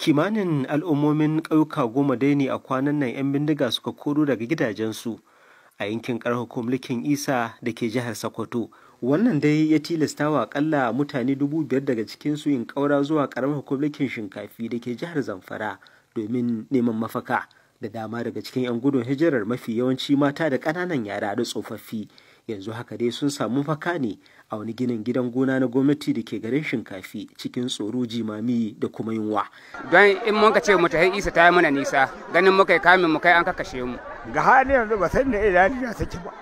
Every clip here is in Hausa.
kimanin al'ummomin ƙauyuka goma dai ne a kwanan nan 'yan bindiga suka koro daga gidajensu a yankin ƙarar mulkin isa da ke jihar sokoto wannan dai ya tilasta wa akalla mutane dubu biyar daga cikinsu yin ƙaura zuwa ƙaramar hukumlikin shinkafi da ke jihar zamfara domin neman mafaka da dama daga cikin 'yan gudun hijirar mafi yawanci mata da ƙananan yara da tsofaffi yanzu haka dai sun samu faka ne a wani ginin gidan gona na gwamnati da ke garin shinkafi cikin tsoro jimami da kuma yunwa. don in mun ka ce mu tafi isa ta yi mana nisa ganin muka yi kamin mu kai an kakashe mu. ga hali yanzu ba san da idanu na saki ba.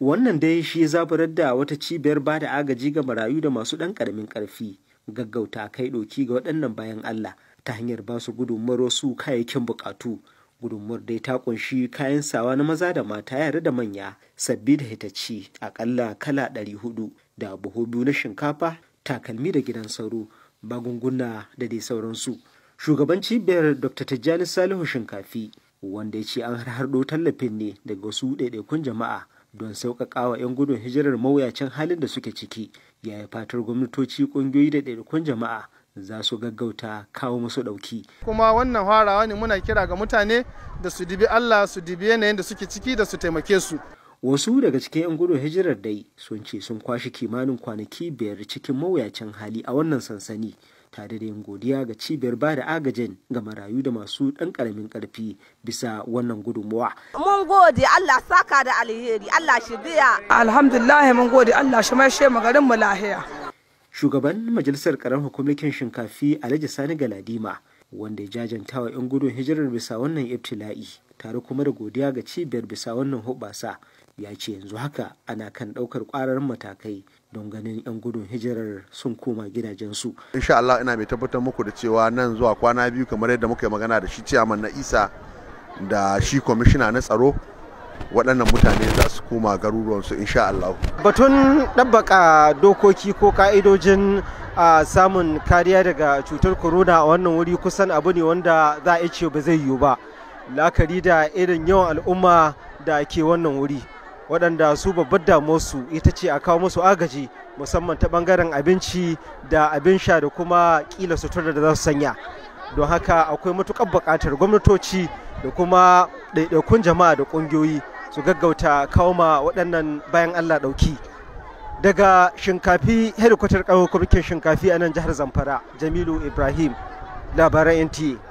wannan dai shi zaburar da wata cibiyar ba da agaji ga marayu da masu ɗan ƙaramin ƙarfi gaggauta kai ɗoki ga waɗannan bayan Allah ta hanyar ba su gudunmawar wasu kayayyakin buƙatu gudunmuwar dai ta kunshi kayan sawa na maza da mata yare da manya sabbi da hitacci akalla kala ɗari hudu da buhu biyu na shinkafa takalmi da gidan sauro bagunguna da dai sauransu shugaban cibiyar dr tijjani salihu shinkafi wanda ya ce an harhaɗo tallafin ne daga wasu ɗaiɗaikun jama'a don sauƙaƙawa 'yan gudun hijirar mawuyacin halin da suke ciki ya yi fatar gwamnatoci ƙungiyoyi da ɗaiɗaikun jama'a za su gaggauta kawo musu dauki. Kuma wannan harawa ne muna kira ga mutane da su dibi Allah su dibi yanayin da suke ciki da su taimake su. Wasu daga cikin 'yan gudun hijirar dai sun ce sun kwashe kimanin kwanaki biyar cikin mawuyacin hali a wannan sansani. tare da yin godiya ga cibiyar ba da agajin ga marayu da masu ɗan karamin karfi bisa wannan gudunmuwa. Mun gode Allah saka da alheri Allah shi biya. Alhamdulillah mun gode Allah shi mai shema garin mu lahiya. shugaban majalisar karamar hukumakin shinkafi alhaji sani galadima wanda ya jajanta wa 'yan gudun hijirar bisa wannan ibtila'i tare kuma da godiya ga cibiyar bisa wannan hubasa ya ce yanzu haka ana kan ɗaukar ƙwararren matakai don ganin 'yan gudun hijirar sun koma gidajensu. insha Allah ina mai tabbatar muku da cewa nan zuwa kwana biyu kamar yadda muka yi magana da shi ciyaman na isa da shi kwamishina na tsaro waɗannan mutane za su koma garuruwansu insha Allah. Batun ɗabbaka dokoki ko ka'idojin samun kariya daga cutar corona a wannan wuri kusan abu ne wanda za a ce ba zai yiwu ba. La'akari da irin yawan al'umma da ke wannan wuri. waɗanda su babbar damuwarsu ita ce a kawo musu agaji musamman ta ɓangaren abinci da abin sha da kuma ƙila sutura da za su sanya. don haka akwai matuƙar buƙatar gwamnatoci da kuma ɗaiɗaikun jama'a da ƙungiyoyi su gaggauta kawo waɗannan bayan allah ɗauki daga shinkafi hedikwatar ƙarfi kwamitin shinkafi a nan jihar zamfara jamilu ibrahim labaran nta